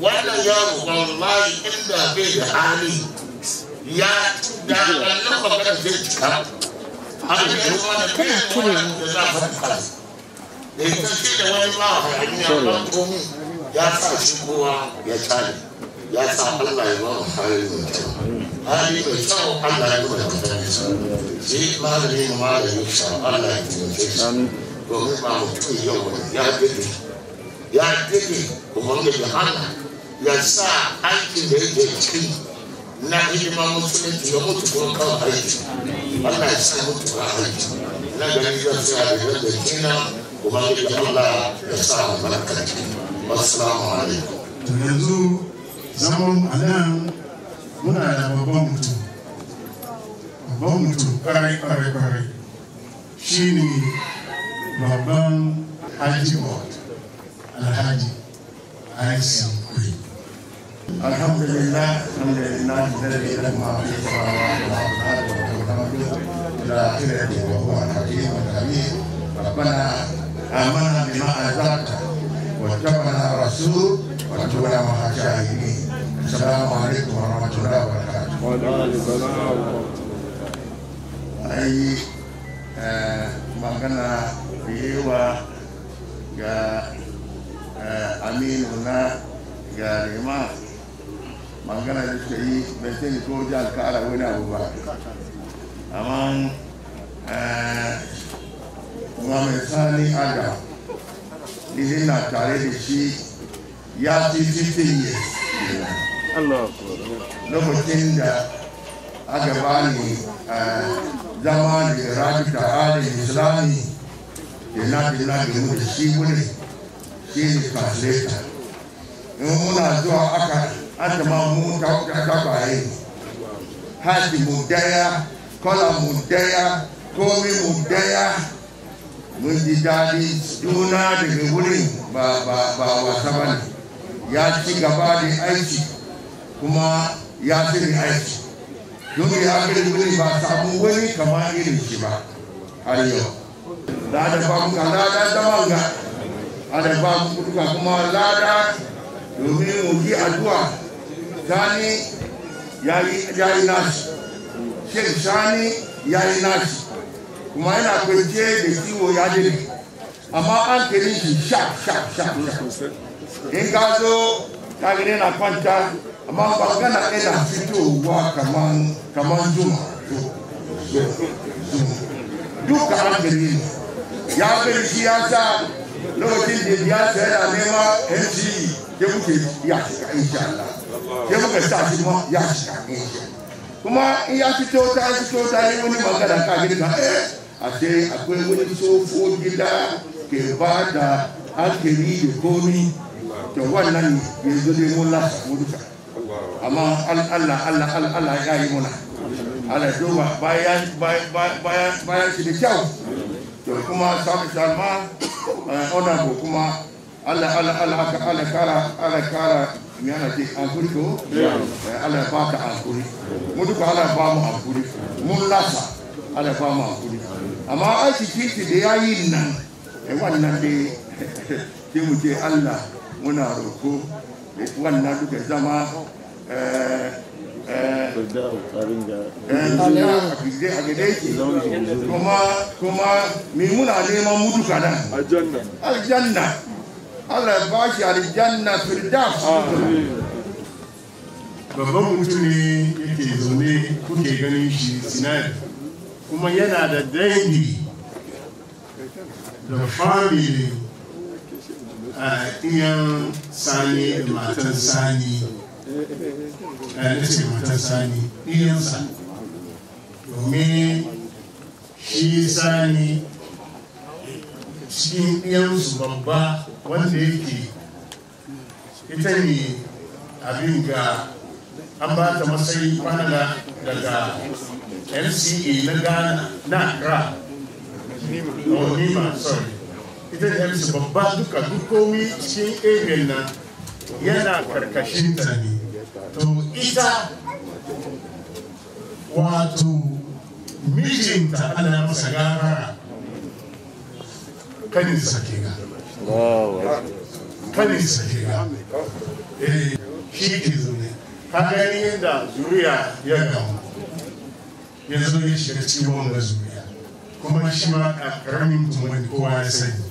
wala ya wallahi inda bɛ da hali ya da ka ne ma ka se ka hali ni ma da bɛ da hali da ya tafi da wani ba hayaniya ba komi ya sa shi kowa ya cale ya sa Allah ya ba mu hali mai kyau hali mai kyau Allah ya ba mu hali shi malami mu malami sa Allah ya taimake shi domin ba mutum yau ya dade ya dade ubangiji Allah ya sa aikin da yake cikin na hidima musulunci ya mutu kuma kan aiki Allah ya sa mutu kan aiki na gani zan sa da gaggaji na ubangiji allah ya sa albarka wassalamu alaikum to yanzu zaman a nan muna da babban mutum babban mutum kwarai kwarai kwarai babban haji alhaji alhamdulillah alhamdulillah Aman amana bima azaka wajabana rasul wajabana mahasya ini Assalamualaikum warahmatullahi wabarakatuh Waalaikumsalam Ayy eh, Makana Iwa Ga ya, eh, Amin Una Ga Lima Makana Iskai Bersin Kujal Kala Wina Aman. Muhammad Sani Adam idan na tare da shi ya ci 50 years lokacin da aka bani uh, zama da rabi ta halin islami da na da na da shi ne translator muna zuwa aka aka ma mu tabaye hajji mu daya kola mu daya komi mu daya mun ji daɗi juna daga wurin ba wasa ba ne ya ci gaba da aiki kuma ya shiri aiki don ya gari wuri ba samu wani kamar irin shi ba har yau lada ba mu ka lada ta ga ada ba mu kutuka kuma lada domin mu yi addu'a sani ya yi nashi shin sani ya yi nashi kuma yana kwanciye da ciwo ya dare amma an kiri shi sha sha sha in ka zo ka gani na kwanta amma ba gana ina fitowa kaman kaman juma duka an kiri ya kiri shi ya sa lokacin da ya sa yana nema mc ya muke ya shiga insha Allah ya muka sa shi ma ya shiga insha Allah kuma in ya fito ta ya fito ta yi wani magana ka girka a ce akwai wani tsofo gida ke ba da hankali da komi to wannan yanzu ne mun lafa mu duka amma Allah Allah Allah ya yi muna Allah duba bayan bayan bayan shi da kyau to kuma samu salma a ko kuma Allah Allah Allah Allah kara Allah kara me ana ce hankuri ko Allah ya eh, baka hankuri mu duka Allah ya ba mu hankuri mun lasa Allah ya ba mu hankuri amma aiki titi da yayi nan eh, wannan dai sai mu ce Allah muna roko eh, wannan duka zama kuma kuma mai muna mudu mutuka nan aljanna Allah ya ba shi aljanna firdaus babban mutum ne yake zaune kuke ganin shi sinai kuma yana da dangi da family a iyan sani da matan sani a matan sani iyansa domin shi sani cikin ɗiyansu babba wanda yake ita ne abin ga an bata ta matsayi kwanada daga mca na ghana na accra oh nima sɔri ita ne mc babba duka duk komi cikin area nan yana karkashin ta ne to ita wato mijinta ana masa gara kanin sake ga kanin sake ga eh shi ke zo ne ka gani yadda zuriya ya gamu ya zo ya shiga cikin wanga zuriya kuma shi ma karamin mutum wani kowa ya sani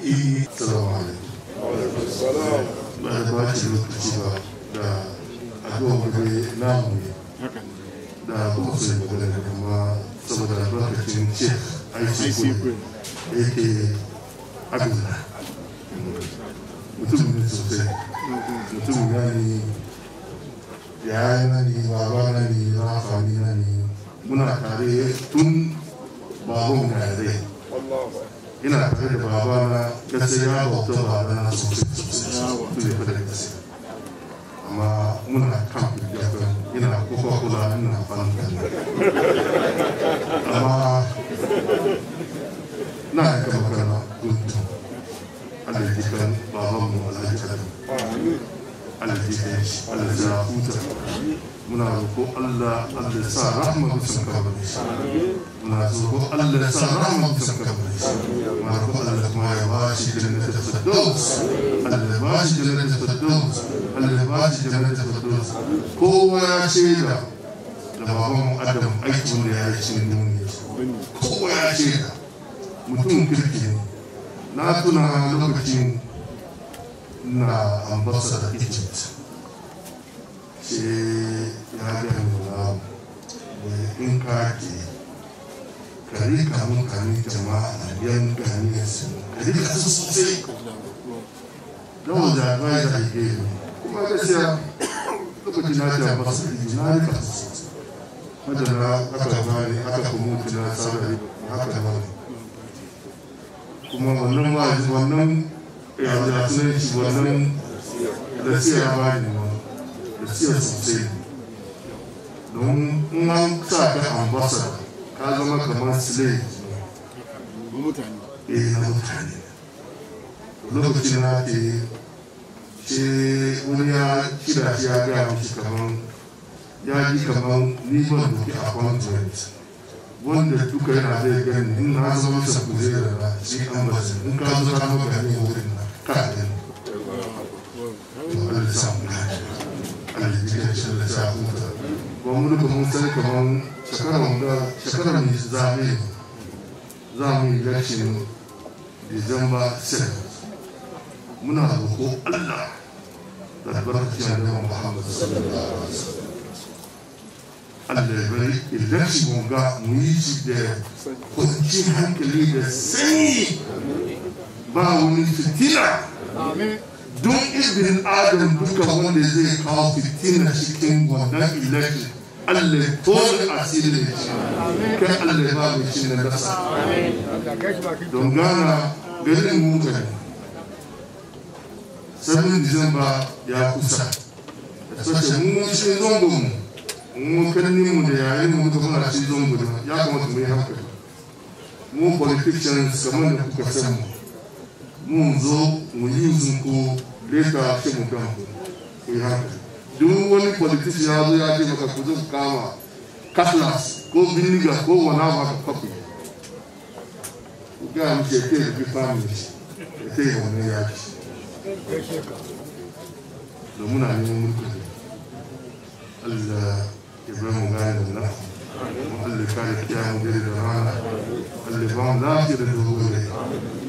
eh salamu alaikum ba da ba ci lokaci ba da abubuwan gari namu ne da kuma kusa da kuma saboda albarkacin ce aiki aka abdullah mutum ne sosai mutum na ne yaya na ne baba na ne ni, na ne muna tare tun baban gare ina tare da baba na gaskiya bauta baba na sosai Allah ya sa rahmatu sa kuma shi shi kowa ya shaida da baban Adam aiki wanda ya yi cikin duniya kowa ya shaida mutum kirki ne na tuna lokacin na ambassador Egypt sai na damuwa mai in kati kari kamun kamun jama'a a biyan ganiyar su kari ka su sosai don da ba da ake yi kuma gaskiya lokacin na da masu iji na rika su sosai wadda na aka bani aka kuma tuna tsara haka ba kuma wannan ma wannan ya zafi wannan da siya ba ne siya sosai don in an a ka ambassador ka zama kamar slave eh na mutane lokacin na ke shi wani ya kira shi ya gaya mishi kamar ya ji kamar ni ban doki appointment wanda duka yana zai gani in na zama sa kuzera na shi ambassador in ka zo ta maka ne wurin na ka gani to Allah ya samu lafiya arziki da shi da shafuta ba mu duka mun san kamar shekarar da shekarar mu za mu yi za mu yi election December 7 muna roƙo Allah da barkacin annabi Muhammad sallallahu alaihi wasallam Allah ya bari election mu ga mu yi shi da kwanciyar hankali da sanyi ba wani fitila amin duk izinin adam duka wanda zai kawo fitina cikin wannan election Allah ko da asirin shi kan Allah ba mai shi na nasa don gana ganin muka ne sabon disamba ya kusa da sace mun shi zongo mu mun kanni mu da yayin mu duka muna shi zongo ya kamata mu yi hankali mu politicians kamar da kuka san mu munzu muyinzi mkuu leta afite umugambi wihariye dubu ni politiki yazo yaje bakakuza kukama cutlass ko biniga ko wana bakapapi ugaa mkiekee kifamili etee wana yake namuna ni mumurku Allah Ibrahim gani na Allah kare kiyamu gari da rana Allah ba mu lafiya da dole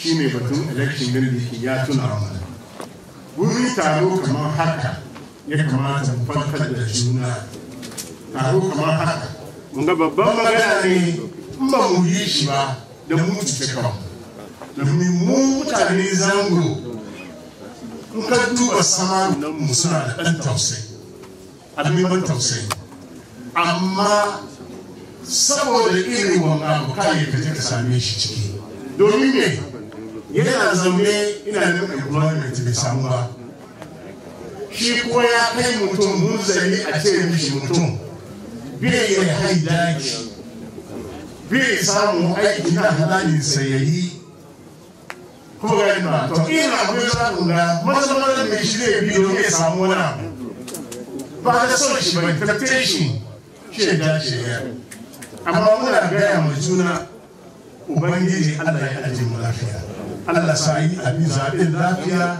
shine batun election din da ke ya tuna mana wuri taro kamar haka ya kamata mu farkar da juna taro kamar haka mun babban magana ne in ba mu yi shi ba da mu cuce kawo da mu mutane zango in ka duba samarunan mu suna da ɗan tausayi abin ban tausayi amma saboda irin wannan abu kai ka je same shi ciki domin me yana zaune ina da employment mai samu ba shi kuma ya kai mutum munzali a ce mishi mutum bai ya haidaki. daji bai samu aiki na halalin sayayi ko ga ina to ina abin za ku ga matsalar mai shi zai bi domin ya samu wani abu ba da son shi ba tattalin shi shi ya dace ya amma muna gaya ma juna ubangiji allah ya ajiye mu lafiya Allah sa yi aliza ɗin lafiya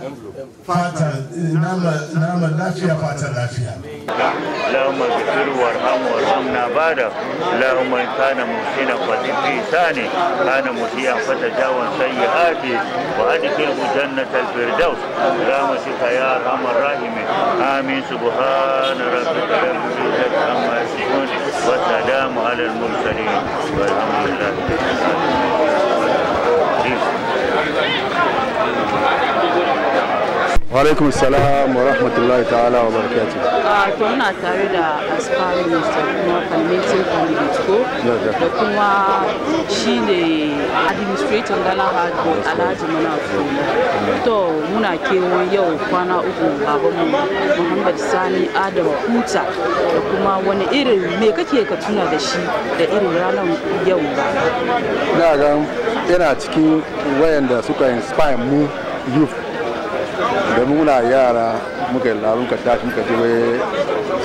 fata nama lafiya fata lafiya. Lahumma bi turuwar hamuwar hamna ba da lahumma kana musi na fasi fi sani kana musi a fata jawon sanyi hafi wa hadi kin hujan na talfir daus rama shi ka ya rama rahimi amin subhana rabbi kare musu da kama shi wani wa salamu alal mursali walhamdulillah. wa alaikum salam wa rahmatullahi ta'ala wa barakatu ah, to muna tare da aspiring minister kuma convention candidate ko da kuma shine administrator gala hajji alhaji muna fula to muna kewan yau kwana uku baban mu muhammad sani adam Huta da kuma wani irin me kake ka tuna da shi da irin ranar yau ba na ga yana cikin wayanda suka inspire mu youth da muna yara muka yi larun ka tashi muka ce wai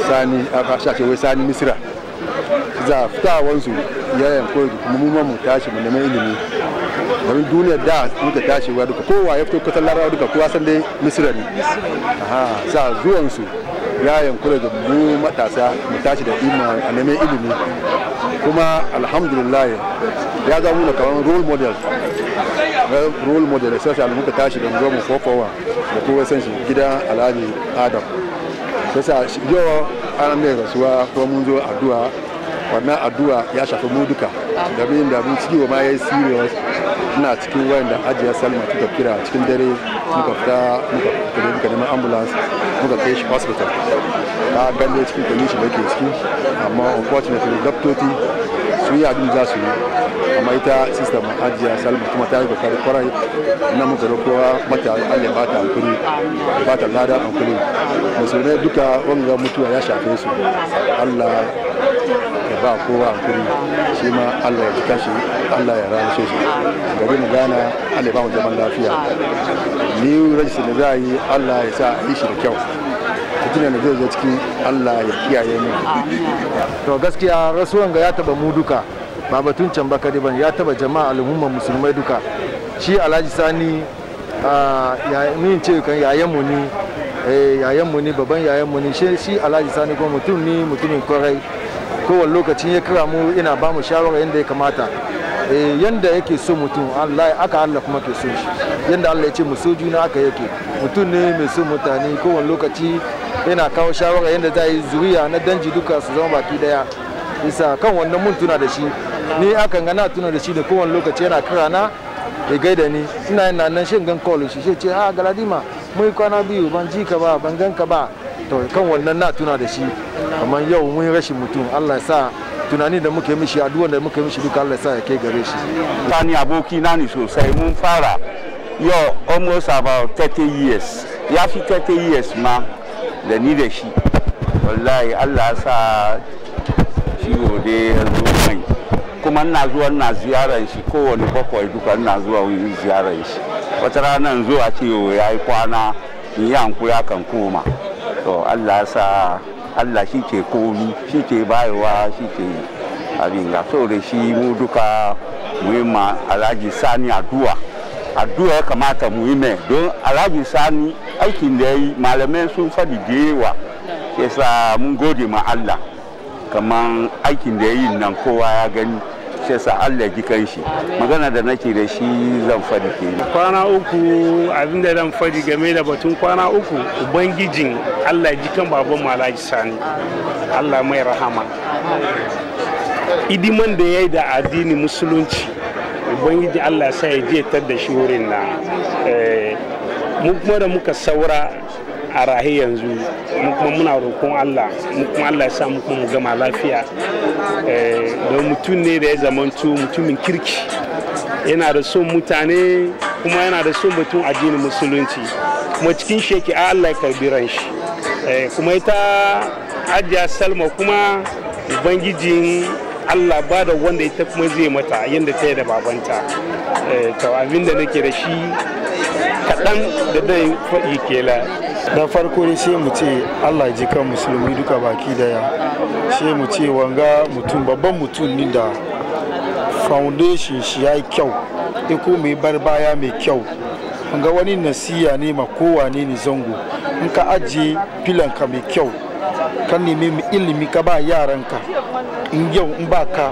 sani aka ce wai sani misira za wansu yayan koyi kuma mu mu tashi mu neman ilimi domin duniyar da muka tashi wa duka kowa ya fito kasar larawa duka kowa san dai misira ne aha sa zuwansu yayan koyi da mu matasa mu tashi da ilimi a neman ilimi kuma alhamdulillah ya zama na kamar role model role model especially muka tashi da zo mu kokowa da kuma san shi gidan alhaji adam sai yau ana mai rasuwa kuma mun zo addu'a wannan addu'a ya shafi mu duka da bin da mun ciwo ma yayi serious ina cikin da ajiya salma tuka kira cikin dare muka fita muka kudu muka neman ambulance muka kai shi hospital ta gande cikin condition shi ke ciki amma unfortunately doktoci su yi abin za su yi amma ita sista mu ajiya salma kuma ta yi kokari kwarai na muka rokowa mata allah ba ta hankuri ba ta lada hankuri musulmai duka wanga mutuwa ya shafe su allah ba kowa hankuri shi ma allah ya ji kashi allah ya rana shi gari mu gana allah ya ba mu zaman lafiya ni rajista da za a yi allah ya sa a yi shi da kyau fitina da zai zo cikin allah ya kiyaye mu to gaskiya rasuwan ga ya taba mu duka ba batun can ba kadi ya taba jama'a al'umman musulmai duka shi alhaji sani min ce kan yayan mu ne eh, yayan mu ne babban yayan mu ne shi alhaji sani kuma mutum ne mutumin kwarai kowane lokaci ya kira mu ina ba mu shawara yadda ya kamata eh, yadda yake so mutum Allah aka Allah kuma ke so shi yadda Allah ya ce mu so juna aka yake mutum ne mai so mutane kowane lokaci yana kawo shawara yadda za yi zuriya na danji duka su zama baki daya isa kan wannan mun tuna da shi ni aka gana tuna da shi da kowane lokaci yana kira na ya gaida ni ina yin nan shin gan call shi shi ce a ah, galadima mai kwana biyu ban ji ka ba ban gan ka ba to kan wannan na tuna da shi amma yau mun rashi mutum Allah sa tunani da muke mishi addu'a da muke mishi duka Allah sa ya ke gare shi ni aboki na ni sosai mun fara yau almost about 30 years ya fi 30 years ma da ni da shi wallahi Allah sa ciwo dai ya zo mai kuma ina zuwa ina ziyarar shi kowane bakwai duka ina zuwa wani ziyarar shi wata rana zuwa ce ya yi kwana in yi hankuri kan koma to Allah sa allah shi ce komi shi ce bayewa shi ce abin ga so da shi mu duka mu ma alhaji sani addu'a addu'a ya kamata mu yi don alhaji sani aikin da ya yi malamai sun fadi da yawa yasa mun gode ma allah kamar aikin da ya yi nan kowa ya gani ce sa Allah ji shi magana da nake da shi zan fadi ke kwana uku abin da zan fadi game da batun kwana uku ubangijin Allah ji kan baban malaji sani Allah mai rahama idiman da ya yi da addini musulunci ubangiji Allah sa ya je tar da shi wurin na eh, mu kuma da muka saura a yanzu mu kuma muna roƙon Allah kuma Allah ya sa mu kuma mu gama lafiya eh, don mutum ne da ya zamantu mutumin kirki yana da son mutane kuma yana da son batun addinin musulunci kuma cikin sheki ah, Allah ya karbi ran shi eh, kuma ita ajiya salma kuma ubangijin Allah ba da wanda ita kuma zai mata yadda ta yi da babanta eh, to abinda nake da shi kaɗan da dai faɗi kela na farko ne sai mu ce allah ji kan musulmi duka baki daya sai mu ce wanga mutum babban mutum ne da foundation shi ya yi kyau iko mai bar baya mai kyau ga wani nasiya ne ma kowane ne zango in ka ajiye filanka mai kyau ka nemi ilimi ka ba yaranka in yau in ba ka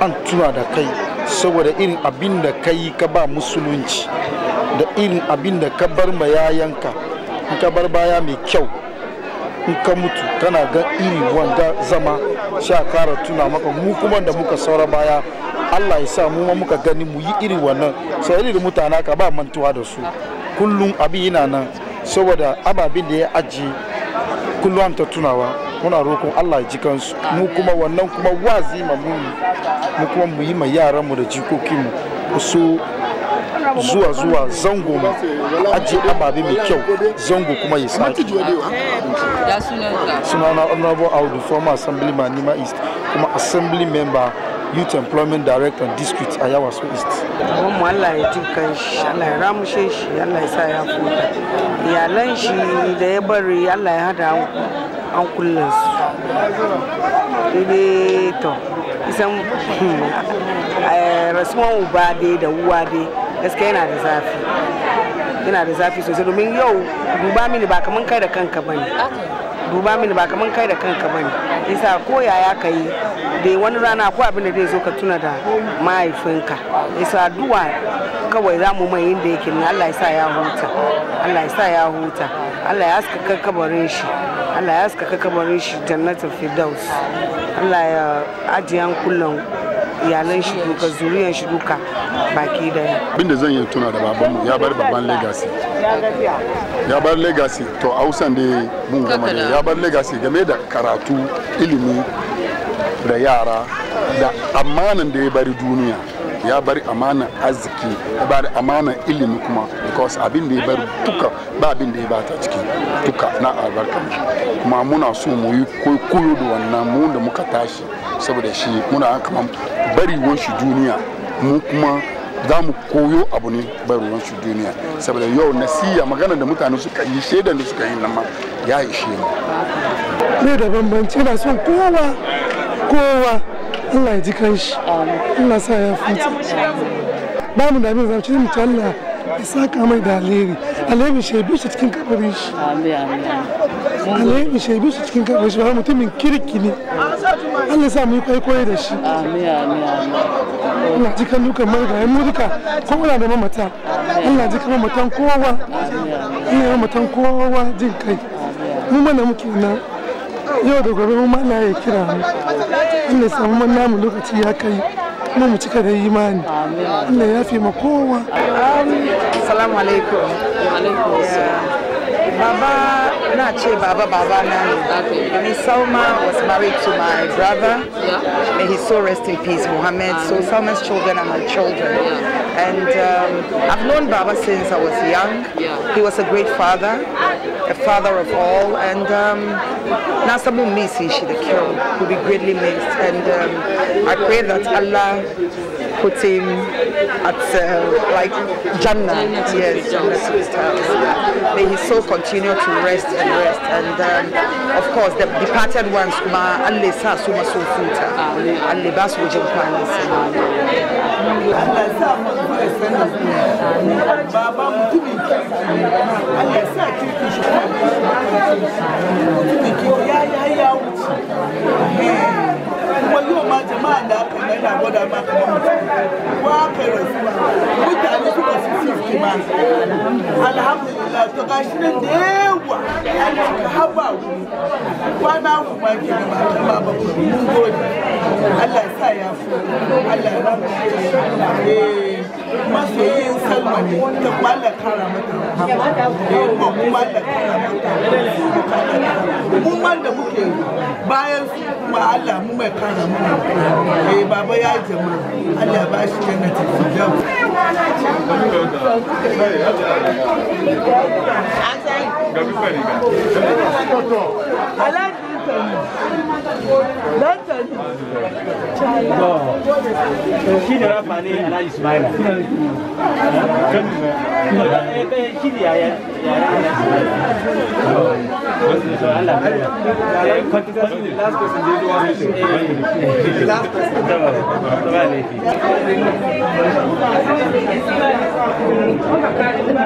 an tuna da kai saboda irin abin da ka yi ka ba musulunci da irin abinda ka bar ma yayanka in ka bar baya mai kyau in ka mutu kana ga iri wanda zama sha kara tuna maka mu kuma da muka saura baya Allah ya sa mu ma muka gani mu yi iri wannan sai da mutane ka ba mantuwa da su kullum abin yana nan saboda ababin da ya aji kullum ta tunawa muna roƙon Allah ya ji kansu mu kuma wannan kuma wazi ma mu mu kuma mu yi ma yaran mu da jikokin mu su zuwa zuwa zango ajiye ababe mai kyau zango kuma ya suna sunana honorable audu former assembly man nima east kuma assembly member youth employment director district a so east kuma mu allah ya ji kan shi allah ya ramushe shi allah ya sa ya futa iyalan shi da ya bari allah ya hada an kullun su to isan eh, rasuwan uba dai da uwa dai gaskiya yana da zafi yana da zafi sosai domin yau duba mini ba kaman kai da kanka ne duba mini ba kaman kai da kanka ba ne isa ko yaya ka yi da wani rana ko abin da zai zo ka tuna da mahaifinka isa duwa kawai za mu mai yin da yake Allah ya sa ya huta Allah ya sa ya huta Allah ya aska kabarin shi Allah ya aska kabarin shi jannatul firdaus Allah ya ajiyan kullum iyalan shi duka zuriyan shi duka baki da ya da zan yi tuna da babanmu ya bar baban legacy ya bar legacy to hausan da mun gama da ya bar legacy game da karatu ilimi da yara da amanan da ya bari duniya ya bari amanan arziki ya bari amanan ilimi kuma because abin da ya bari duka ba abin da ya bata ciki duka na albarka kuma muna so mu yi koyo da wannan mu da muka tashi saboda shi muna kamar bari shi duniya mu kuma za mu koyo abu ne bari shi duniya saboda yau nasiya magana da mutane suka yi shaidan da suka yi nan ma ya ishe mu ne da bambanci na son kowa kowa Allah ya ji kanshi Allah sa ya fata ba mu da bin zamci mu talla ya saka mai da alheri alheri shi bi shi cikin kabarin shi alheri shi bi shi cikin kabarin shi ba mutumin kirki ne Allah sa mu kai koyi da shi amin amin Allah ji kan dukan mai ga mu duka ko muna da mamata Allah ji kan mamatan kowa Allah mamatan kowa jin kai mu mana muke nan yau da gobe mu mana ya kira mu Allah sa mu mana mu lokaci ya kai kuma mu cika da imani Allah ya fi ma kowa assalamu alaikum alaikum baba I'm not sure Baba Baba Nani. Okay. Nani Salma was married to my brother. Yeah. May he so rest in peace, Mohammed. so Salma's children are my children. Yeah. And um, I've known Baba since I was young. Yeah. He was a great father, a father of all. And Nasamu um, Misi Shidakiro will be greatly missed. And um, I pray that Allah put him at uh, like Jannah. Yes, May his soul continue to rest and rest. And um, of course, the departed ones, ma Allah sa su maso futa, Allah ba su kuma yau ma jama'a da aka mai na gwada ma kuma ko aka yi rasuwa mutane suka su fifty ma alhamdulillah to gashi nan da yawa an ka haba kwana kuma ke da ba ta ba ba mun gode Allah ya sa ya fi Allah ya rabu eh masoyin salma ne da mallaka mata mu mallaka mata mu man da muke bayan su kuma Allah mu mai kara mana eh baba ya jama'a Allah ba shi jannati shi ne rafa ne a na ismaila shi ne yaya Thank you.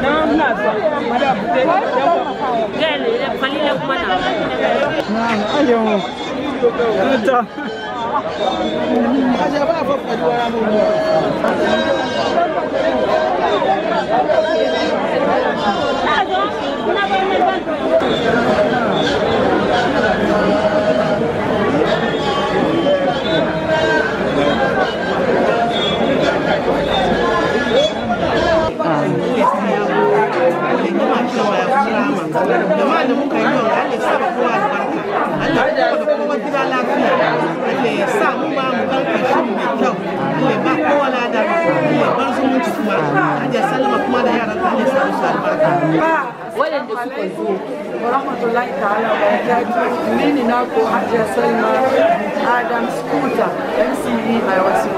Não, nada. Olha, nhập mà nào nào ayo ta aja ba fa fa dua ramu Thank you. jama'a da muka yi yau Allah ya sa kowa albarka Allah ya da kowa gida lafiya Allah ya sa mu ba mu kan kashi mai kyau Allah ya ba kowa lada Allah ya mun kuma Hajiya Salama kuma da yaran ka Allah sa musu albarka waɗanda suka zo rahmatullahi ta'ala wa barakatuh mini na ko Hajiya Salma Adam Scooter MCE by Wasu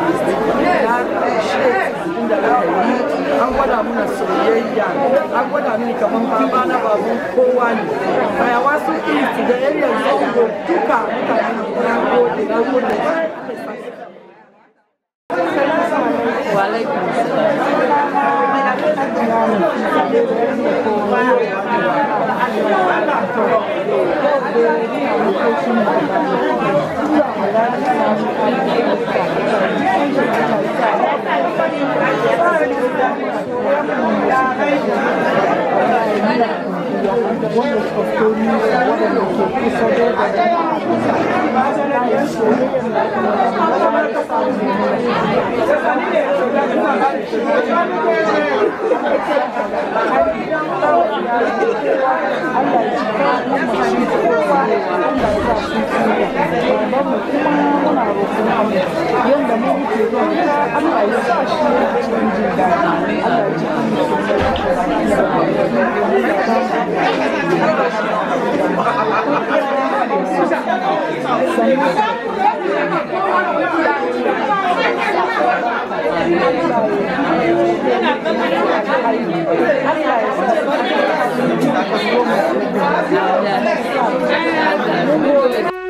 da aka yi an gwada mana soyayya an gwada mini kamar baba na babu kowa ne bayawa sun iri da yan yanzu ko duka mutane na gode na gode wa alaikum 哎呀！ana kwanciya wanda kwastori waɗanda ke kusa da gada yadda mu muke zuwa Allah ya sa shi cikin jin daɗi Allah ya cikin mutum da ya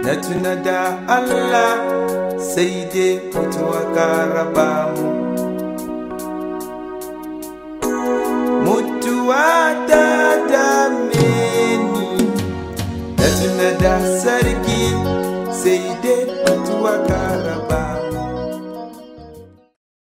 Na tuna da Allah sai dai mutuwa ka raba mu. wata dame ni da tuna da